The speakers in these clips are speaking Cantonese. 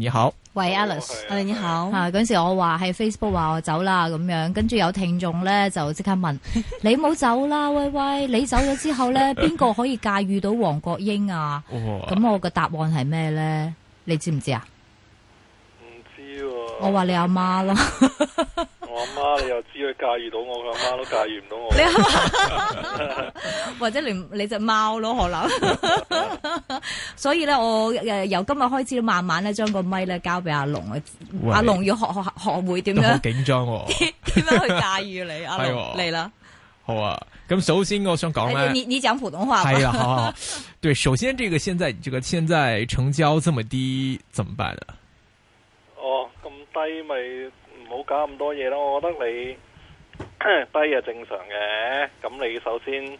你好，喂，Alex，啊、你好。吓、啊，嗰陣時我話喺 Facebook 話我走啦咁樣，跟住有聽眾咧就即刻問： 你冇走啦，喂喂，你走咗之後咧，邊個 可以駕馭到黃國英啊？咁、哦、我個答案係咩咧？你知唔知啊？唔知喎、哦。我話你阿媽咯。 我阿媽，你又知佢駕馭到我，佢阿媽都駕馭唔到我。你阿媽，或者連你你隻貓咯，可能。 所以咧，我誒由今日開始，慢慢咧將個咪咧交俾阿龍啊。阿龍要學學學會點樣。都好緊張，點點樣去駕馭你阿龍嚟啦？好啊。咁首先我想講咧，你你講普通話。係啊，好。好對，首先，這個現在，這個現在成交這麼低，怎麼辦呢？哦，咁低咪。冇搞咁多嘢咯。我覺得你 低係正常嘅。咁你首先你呢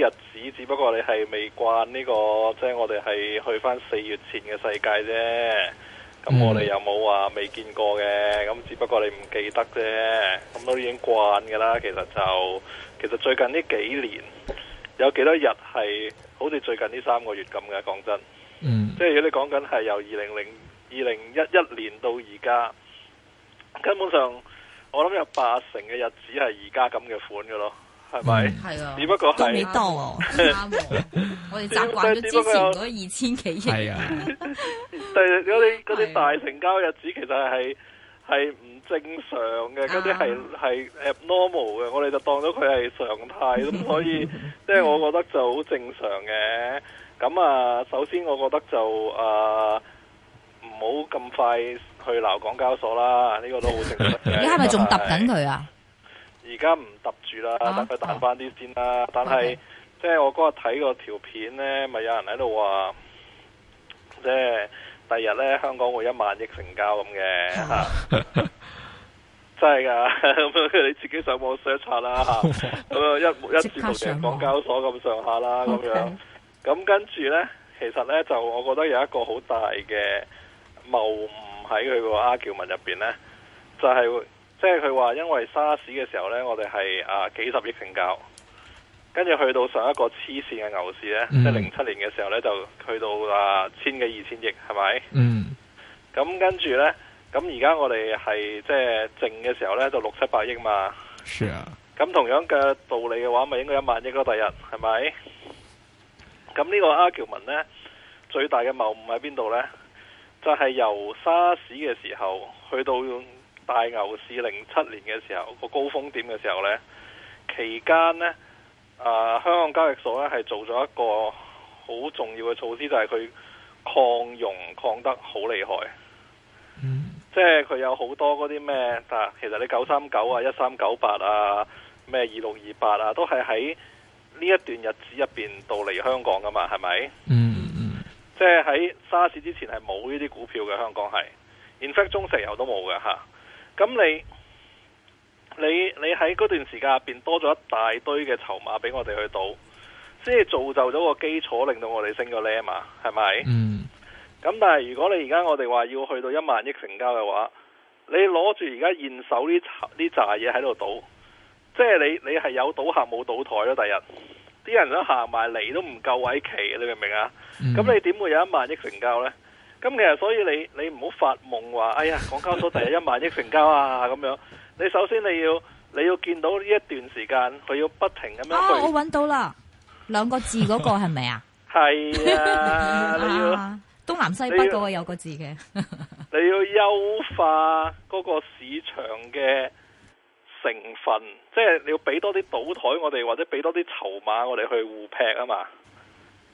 啲日子，只不過你係未慣呢、這個，即、就、係、是、我哋係去返四月前嘅世界啫。咁我哋又冇話未見過嘅。咁、嗯、只不過你唔記得啫。咁都已經慣㗎喇。其實就其實最近呢幾年有幾多日係好似最近呢三個月咁嘅。講真，嗯、即係如果你講緊係由二零零、二零一一年到而家。根本上，我諗有八成嘅日子係而家咁嘅款㗎咯，係咪？係、嗯、啊，只不過係都 對多 啊，啱我哋習慣咗之前二千幾億。係啊，但係嗰啲嗰啲大成交日子其實係係唔正常嘅，嗰啲係係 abnormal 嘅。我哋就當咗佢係常態，咁 所以即係、就是、我覺得就好正常嘅。咁啊，首先我覺得就啊，唔好咁快。去鬧港交所啦，呢、呢個都好正。你係咪仲揼緊佢啊？而家唔揼住啦，等佢、啊、彈翻啲先啦。但係即係我嗰日睇個條片呢，咪有人喺度話，即係第日呢，香港會一萬億成交咁嘅嚇，真係噶 你自己上網 search 啦咁一下 一字同條港交所咁上下啦咁樣。咁 Okay. 跟住呢，其實呢，就我覺得有一個好大嘅謬誤。.喺佢個阿喬文入邊呢，就係即係佢話因為沙士嘅時候呢，我哋係啊幾十億成交，跟住去到上一個黐線嘅牛市呢，嗯、即係零七年嘅時候呢，就去到啊千幾二千億，係咪？嗯。咁跟住呢，咁而家我哋係即係淨嘅時候呢，就六七百億嘛。是啊。咁、啊嗯、同樣嘅道理嘅話，咪、就是、應該一萬億咯，第日係咪？咁呢個阿喬文呢，最大嘅謬誤喺邊度呢？就係由沙士嘅時候去到大牛市零七年嘅時候個高峰點嘅時候呢，期間呢，啊、呃、香港交易所呢係做咗一個好重要嘅措施，就係佢擴容擴得好厲害。嗯、即係佢有好多嗰啲咩，但其實你九三九啊、一三九八啊、咩二六二八啊，都係喺呢一段日子入邊到嚟香港噶嘛，係咪？嗯。即係喺沙士之前係冇呢啲股票嘅，香港係，even 中石油都冇嘅吓。咁你你你喺嗰段時間入邊多咗一大堆嘅籌碼俾我哋去賭，先係造就咗個基礎，令到我哋升個呢嘛，係咪？嗯。咁但係如果你而家我哋話要去到一萬億成交嘅話，你攞住而家現手呢呢紮嘢喺度賭，即係你你係有賭客冇賭台咯，第日。啲人都行埋嚟都唔夠位企，你明唔明啊？咁、嗯、你點會有一萬億成交呢？咁其實所以你你唔好發夢話，哎呀，港交所第一萬億成交啊咁 樣。你首先你要你要見到呢一段時間佢要不停咁樣。啊，我揾到啦，兩個字嗰個係咪 啊？係 啊，東南要西北嗰個有個字嘅。你要優 化嗰個市場嘅。成分即係你要俾多啲賭枱我哋，或者俾多啲籌碼我哋去互劈啊嘛，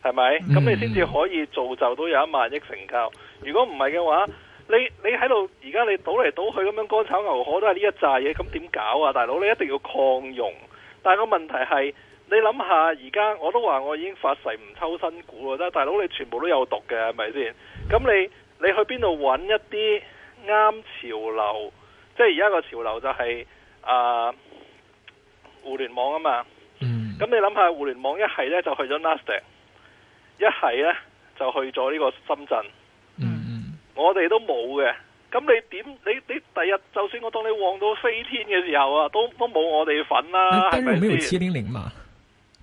係咪？咁你先至可以造就到有一萬億成交。如果唔係嘅話，你你喺度而家你倒嚟倒去咁樣乾炒牛河都係呢一扎嘢，咁點搞啊？大佬，你一定要擴容，但係個問題係你諗下，而家我都話我已經發誓唔抽新股啦。大佬，你全部都有毒嘅，係咪先？咁你你去邊度揾一啲啱潮流？即係而家個潮流就係……啊、呃，互聯網啊嘛，咁、嗯、你諗下，互聯網一係咧就去咗納斯達克，一係咧就去咗呢個深圳，嗯、我哋都冇嘅。咁你點？你你第日就算我當你旺到飛天嘅時候啊，都都冇我哋份啦，係咪嘛？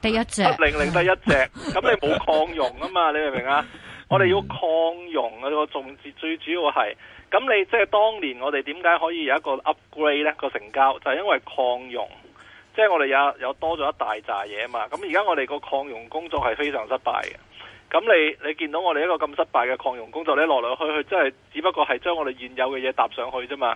第一隻零零第一隻，咁 你冇擴容啊嘛？你明唔明啊？嗯、我哋要擴容啊個重點最主要係。咁你即係當年我哋點解可以有一個 upgrade 呢個成交，就係因為擴容，即係我哋有有多咗一大扎嘢啊嘛。咁而家我哋個擴容工作係非常失敗嘅。咁你你見到我哋一個咁失敗嘅擴容工作，你嚟嚟去去，真係只不過係將我哋現有嘅嘢搭上去啫嘛。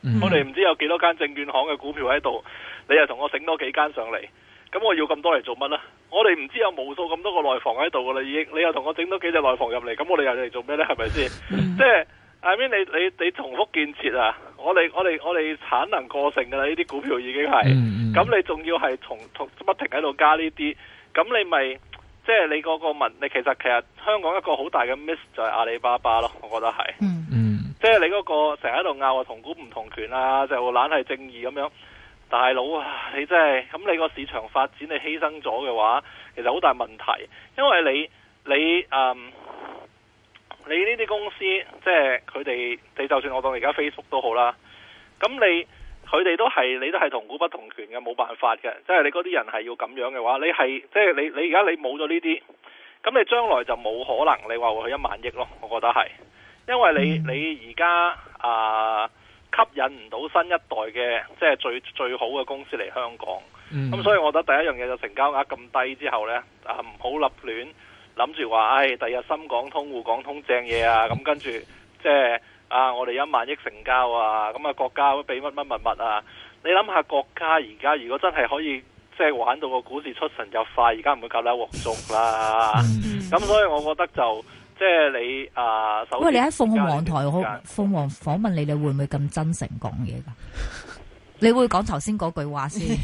Mm hmm. 我哋唔知有幾多間證券行嘅股票喺度，你又同我整多幾間上嚟，咁我要咁多嚟做乜呢？我哋唔知有無數咁多個內房喺度噶啦，已經你又同我整多幾隻內房入嚟，咁我哋又嚟做咩呢？係咪先？Mm hmm. 即係。I mean, 你你你重複建設啊！我哋我哋我哋產能過剩噶啦，呢啲股票已經係，咁、mm hmm. 你仲要係從從不停喺度加呢啲，咁你咪即係你嗰個問，你其實其實香港一個好大嘅 miss 就係阿里巴巴咯，我覺得係，嗯嗯、mm，即、hmm. 係你嗰個成日喺度拗啊，同股唔同權啊，就懶係正義咁樣，大佬啊，你真係咁你個市場發展你犧牲咗嘅話，其實好大問題，因為你你嗯。你呢啲公司，即係佢哋，你就算我當你而家 Facebook 都好啦。咁你佢哋都係，你都係同股不同權嘅，冇辦法嘅。即係你嗰啲人係要咁樣嘅話，你係即係你你而家你冇咗呢啲，咁你將來就冇可能你話會去一萬億咯。我覺得係，因為你你而家啊吸引唔到新一代嘅即係最最好嘅公司嚟香港。咁、嗯嗯、所以，我覺得第一樣嘢就成交額咁低之後呢，啊唔好立亂。諗住話，唉、哎，第日深港通、滬港通正嘢啊！咁跟住，即係啊，我哋一萬億成交啊！咁啊，國家會俾乜乜物物啊？你諗下，國家而家如果真係可以，即係玩到個股市出神入化，而家唔會搞啦阿黃叔啦。咁 所以我覺得就，即係你啊，首先。喂，你喺鳳凰台，鳳凰訪問你，你會唔會咁真誠講嘢噶？ 你會講頭先嗰句話先？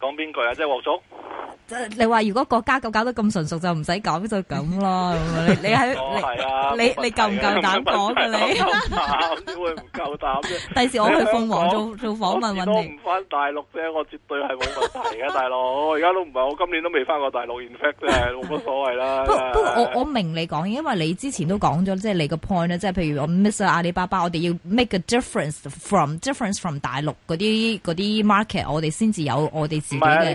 講邊 句啊？即係黃叔。即係你話，如果國家夠搞得咁純熟，就唔使講就咁啦，你你喺你你夠唔夠膽講噶你？唔夠膽，你、啊、膽 會唔夠膽啫？第時我去鳳凰做做訪問，問，問，搵你唔翻大陸啫，我絕對係冇問題嘅。大佬，而家都唔係我今年都未翻過大陸，in fact 啫，我冇所謂啦。 不不過我的我明你講，因為你之前都講咗，即、就、係、是、你個 point 即係譬如我 miss 阿阿里巴巴，我哋要 make a difference from difference from 大陸嗰啲嗰啲 market，我哋先至有我哋自己嘅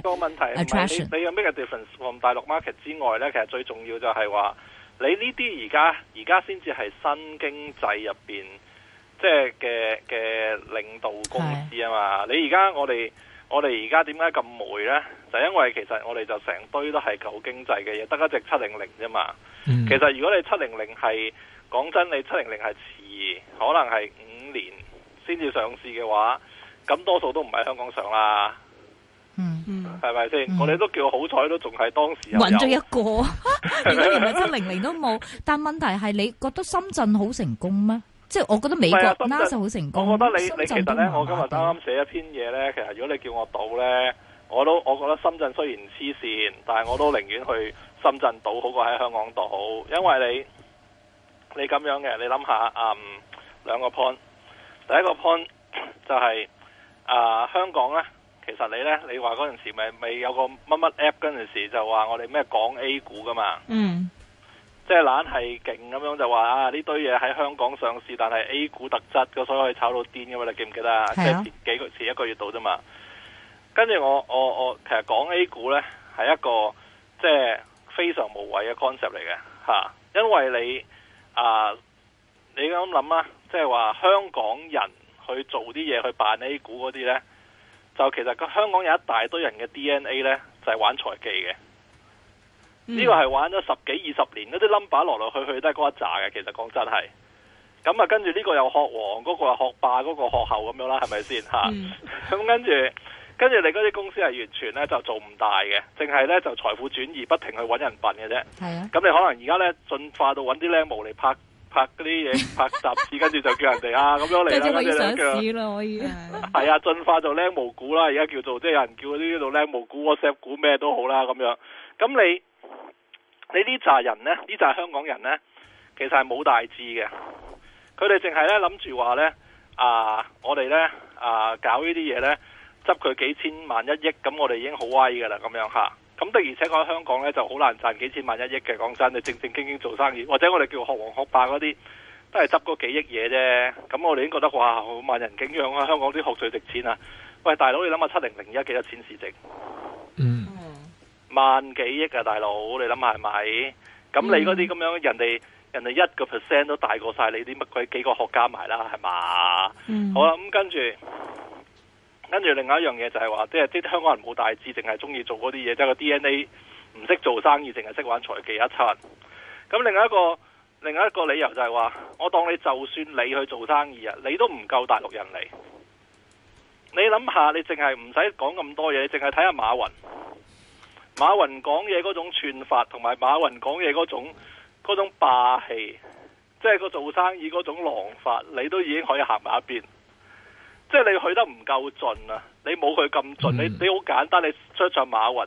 你有咩嘅 difference？從大陸 market 之外咧，其實最重要就係話，你呢啲而家而家先至係新經濟入邊即係嘅嘅領導公司啊嘛。的你而家我哋我哋而家點解咁霉咧？就因為其實我哋就成堆都係舊經濟嘅嘢，得一隻七零零啫嘛。嗯、其實如果你七零零係講真，你七零零係遲，可能係五年先至上市嘅話，咁多數都唔喺香港上啦。嗯，係咪先？是是嗯、我哋都叫好彩，都仲係當時。搵咗一個， 如果連七零零都冇， 但問題係你覺得深圳好成功咩？ 即係我覺得美國嗱就好成功、啊。我覺得你深圳你其實咧，我今日啱啱寫一篇嘢咧，其實如果你叫我賭咧，我都我覺得深圳雖然黐線，但係我都寧願去深圳賭好過喺香港賭，因為你你咁樣嘅，你諗下，嗯，兩個 point，第一個 point 就係、是、啊、呃、香港咧。其實你呢，你話嗰陣時咪未有個乜乜 app，嗰陣時就話我哋咩講 A 股噶嘛，嗯，即係懶係勁咁樣就話啊呢堆嘢喺香港上市，但係 A 股特質，所以可以炒到癲噶嘛，你記唔記得啊？係啊，即係幾幾一個月到啫嘛。跟住我我我其實講 A 股呢，係一個即係、就是、非常無謂嘅 concept 嚟嘅吓。因為你啊，你咁諗啊，即係話香港人去做啲嘢去辦 A 股嗰啲呢。就其實個香港有一大堆人嘅 DNA 呢，就係、是、玩財技嘅。呢、嗯、個係玩咗十幾二十年，嗰啲 number 來來去去都係嗰一紮嘅。其實講真係，咁啊跟住呢個有學王，嗰、那個學霸，嗰、那個學後咁樣啦，係咪先吓？咁、嗯、 跟住，跟住你嗰啲公司係完全呢，就做唔大嘅，淨係呢就財富轉移，不停去揾人笨嘅啫。咁、啊、你可能而家呢，進化到揾啲僆模嚟拍。拍呢啲嘢，拍雜誌，跟住就叫人哋啊咁樣嚟啦，跟住咧就係啊進化就靚無股啦，而家叫做即係有人叫嗰呢度靚無股 WhatsApp 估咩都好啦咁樣。咁你你呢扎人呢？呢扎香港人呢？其實係冇大志嘅。佢哋淨係呢諗住話呢，啊，我哋呢，啊搞呢啲嘢呢，執佢幾千萬一億，咁我哋已經好威噶啦咁樣嚇。咁的而且確喺香港咧就好難賺幾千萬一億嘅，講真，你正正經經做生意，或者我哋叫學王學霸嗰啲，都係執嗰幾億嘢啫。咁我哋已經覺得哇，好萬人景仰啊！香港啲學最值錢啊！喂，大佬你諗下七零零一幾多錢市值？嗯，萬幾億啊！大佬你諗下係咪？咁你嗰啲咁樣、嗯、人哋人哋一個 percent 都大過晒你啲乜鬼幾個學家埋啦，係嘛？嗯、好啦，咁跟住。跟住另外一樣嘢就係話，即係啲香港人冇大志，淨係中意做嗰啲嘢，即係個 DNA 唔識做生意，淨係識玩財技一餐。咁另外一個另外一個理由就係話，我當你就算你去做生意啊，你都唔夠大陸人嚟。你諗下，你淨係唔使講咁多嘢，你淨係睇下馬雲，馬雲講嘢嗰種串法，同埋馬雲講嘢嗰種嗰種霸氣，即係個做生意嗰種狼法，你都已經可以行埋一邊。即係你去得唔夠盡啊！你冇佢咁盡，你你好簡單，你出咗馬雲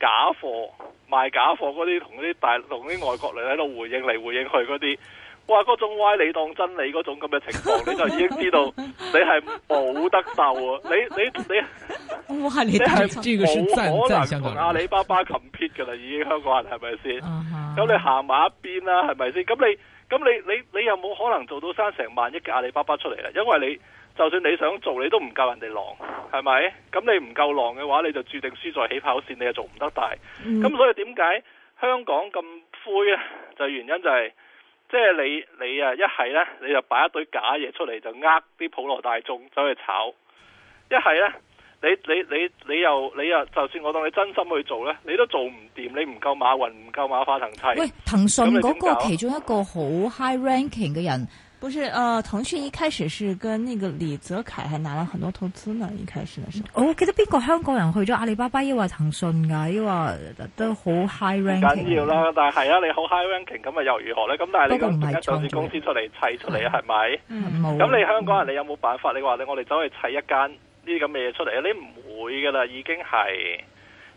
假貨賣假貨嗰啲，同啲大同啲外國人喺度回應嚟回應佢嗰啲，哇，嗰種歪理當真理嗰種咁嘅情況， 你就已經知道你係冇得鬥啊！你你你，你你哇！你呢個 是冇可能同阿里巴巴 compete 噶啦，已經香港人係咪先？咁、啊、哈你行埋一邊啦，係咪先？咁你咁你你你又冇可能做到生成萬億嘅阿里巴巴出嚟啦，因為你。就算你想做，你都唔夠人哋狼，係咪？咁你唔夠狼嘅話，你就注定輸在起跑線，你又做唔得大。咁、嗯、所以點解香港咁灰啊？就原因就係、是，即、就、係、是、你你啊一係呢，你就擺一堆假嘢出嚟就呃啲普羅大眾走去炒；一係呢，你你你又你又，你就算我當你真心去做呢，你都做唔掂，你唔夠馬雲，唔夠馬化騰砌。喂，騰訊嗰個你其中一個好 high ranking 嘅人。不是，誒、呃，騰訊一開始是跟那個李澤楷，還拿了很多投資呢。一開始呢，我、哦、記得邊個香港人去咗阿里巴巴是騰訊的，又話騰訊噶，又話都好 high ranking。緊要啦，但係係啊，你好 high ranking，咁啊又如何呢？咁但係你咁大家上市公司出嚟砌出嚟係咪？嗯，咁你香港人你有冇辦法？你話你我哋走去砌一間呢啲咁嘅嘢出嚟？你唔會噶啦，已經係，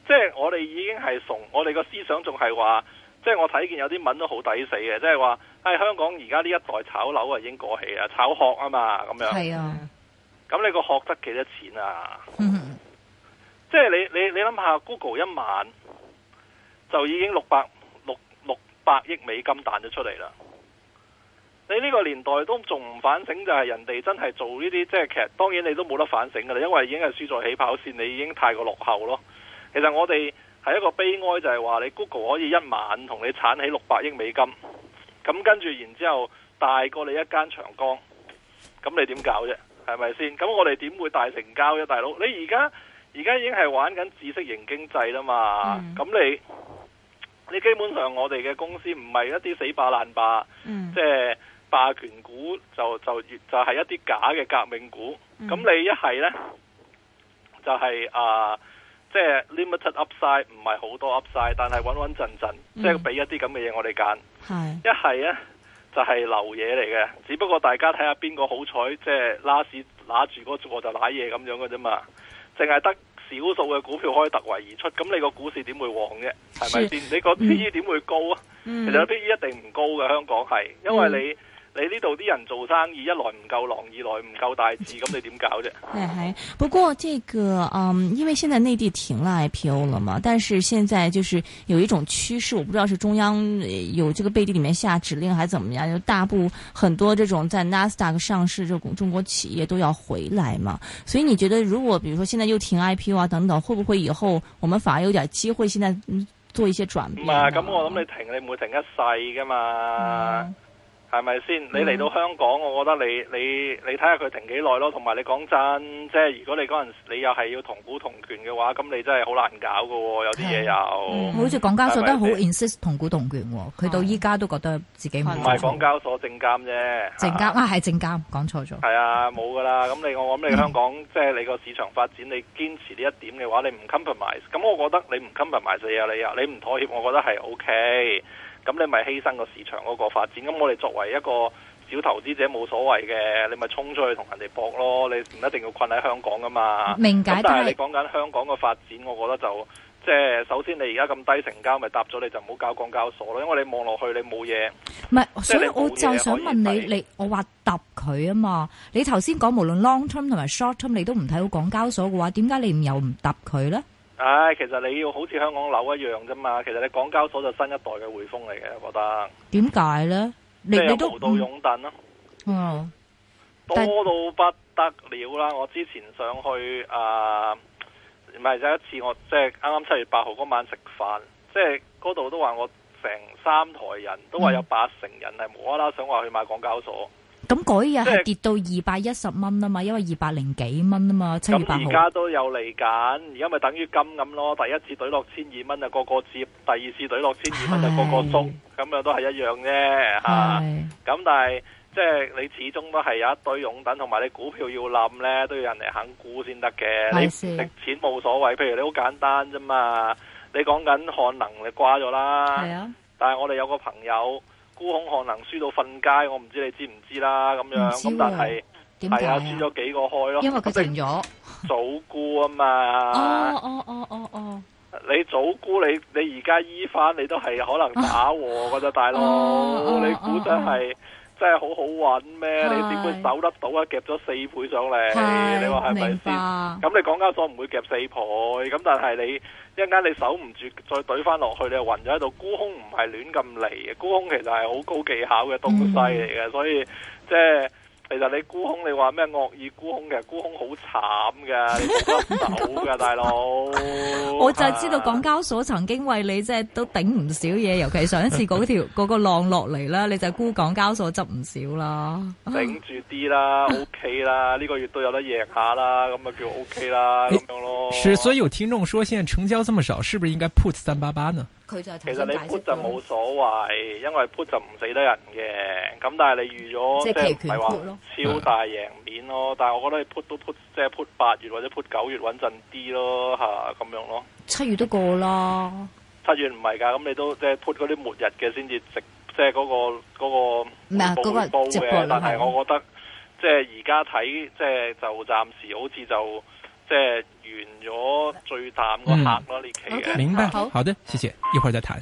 即、就、係、是、我哋已經係從我哋個思想仲係話。即係我睇見有啲文都好抵死嘅，即係話，誒、哎，香港而家呢一代炒樓啊，已經過氣啊，炒殼啊嘛，咁樣。係啊。咁你個殼得幾多錢啊？嗯哼。即係你你你諗下，Google 一晚就已經六百六六百億美金彈咗出嚟啦。你呢個年代都仲唔反省就係人哋真係做呢啲，即係其實當然你都冇得反省噶啦，因為已經係輸在起跑線，你已經太過落後咯。其實我哋。係一個悲哀，就係、是、話你 Google 可以一晚同你鏟起六百億美金，咁跟住然之後大過你一間長江，咁你點搞啫？係咪先？咁我哋點會大成交啫，大佬？你而家而家已經係玩緊知識型經濟啦嘛？咁、嗯、你你基本上我哋嘅公司唔係一啲死霸爛霸，即係、嗯、霸權股就就就係、是、一啲假嘅革命股。咁、嗯、你一係呢，就係、是、啊！即係 limited upside 唔係好多 upside，但係穩穩陣陣，嗯、即係俾一啲咁嘅嘢我哋揀。係一係咧就係流嘢嚟嘅，只不過大家睇下邊個好彩，即係拉屎拿住嗰個就瀨嘢咁樣嘅啫嘛。淨係得少數嘅股票可以突圍而出，咁你個股市點會旺啫？係咪先？你個 P E 點會高啊？嗯、其實啲 P E、嗯、一定唔高嘅，香港係，因為你。嗯你呢度啲人做生意一來唔夠狼，二來唔夠大志，咁對你點搞啫？係係，不過這個嗯，因為現在內地停了 IPO 了嘛。但是現在就是有一種趨勢，我不知道是中央、呃、有這個背地裏面下指令，還怎麼樣，就大部很多這種在 NASDAQ 上市這種中國企業都要回來嘛。所以你覺得如果，比如說現在又停 IPO 啊等等，會不會以後我們反而有點機會，現在做一些轉變？嘛咁我諗你停，你唔會停一世噶嘛。嗯係咪先？你嚟到香港，我覺得你你你睇下佢停幾耐咯。同埋你講真，即係如果你嗰陣時你又係要同股同權嘅話，咁你真係好難搞㗎喎。有啲嘢又，好似、嗯嗯、港交所都好 insist 同股同權喎。佢到依家都覺得自己唔係港交所證監啫。證監，證監啊，係啊，證監，講錯咗。係啊，冇㗎啦。咁你我諗你香港、嗯、即係你個市場發展，你堅持呢一點嘅話，你唔 compromise。咁我覺得你唔 compromise 就係你啊，你唔妥協，我覺得係 OK。咁你咪犧牲個市場嗰個發展，咁我哋作為一個小投資者冇所謂嘅，你咪衝出去同人哋搏咯，你唔一定要困喺香港㗎嘛。明解，但係你講緊香港個發展，我覺得就即係首先你而家咁低成交，咪搭咗你就唔好搞港交所咯，因為你望落去你冇嘢。唔係，所以，就以我就想問你，以你我話搭佢啊嘛？你頭先講無論 long term 同埋 short term，你都唔睇好港交所嘅話，點解你又唔答佢咧？唉、哎，其實你要好似香港樓一樣啫嘛，其實你港交所就新一代嘅匯豐嚟嘅，我覺得。點解呢？你你都到擁躉咯，嗯嗯、多到不得了啦！我之前想去啊，唔係就一次，我即係啱啱七月八號嗰晚食飯，即係嗰度都話我成三台人、嗯、都話有八成人係無啦啦想話去買港交所。咁嗰日係跌到二百一十蚊啊嘛，因為二百零幾蚊啊嘛，七月八號。咁而家都有嚟緊，而家咪等於金咁咯，第一次隊落千二蚊就個個接；第二次隊落千二蚊就個個縮，咁是的 樣都係一樣啫嚇。咁是的、啊、但係即係你始終都係有一堆擁躉，同埋你股票要冧咧，都要人嚟肯沽先得嘅。你錢冇所謂，譬如你好簡單啫嘛，你講緊漢能你瓜咗啦，是的 但係我哋有個朋友。沽空可能輸到瞓街，我唔知你知唔知啦咁樣。咁但係是係啊，輸咗幾個開咯，因為佢停咗。早沽啊嘛，哦哦哦哦哦，哦哦哦你早沽，你你而家醫返，你都係可能打和嗰隻大佬，你估真係。哦哦哦真係好好搵咩？是你點會守得到啊？夾咗四倍上嚟，是你話係咪先？咁白你港交所唔會夾四倍，咁但係你一陣間你守唔住，再懟翻落去，你又暈咗喺度。沽空唔係亂咁嚟嘅，沽空其實係好高技巧嘅東西嚟嘅，嗯、所以即係。其實你沽空，你話咩惡意沽空，嘅，沽空好慘嘅，好嘅 大佬哥。我就係知道港交所曾經為你即係 都頂唔少嘢，尤其上一次嗰條嗰個浪落嚟啦，你就沽港交所執唔少了頂啦。頂住啲啦，OK 啦，呢、這個月都有得贏下啦，咁咪叫 OK 啦咁、欸、樣咯。是，所以有聽眾說，現在成交這麼少，是不是應該 put 三八八呢？其實你 put 就冇所謂，因為 put 就唔死得人嘅。咁但係你預咗即係唔係話超大贏面咯？的但係我覺得你 put 都 put，即係 put 八月或者 put 九月穩陣啲咯，吓，咁樣咯。七月都過啦。七月唔係㗎，咁你都即係 put 嗰啲末日嘅先至值，即係嗰、嗰個嗰、嗰個報嘅。但係我覺得即係而家睇，即係就暫時好似就即係。完咗最淡嗰行咯呢期嘅，明白，好，好的，謝謝，一會兒再談。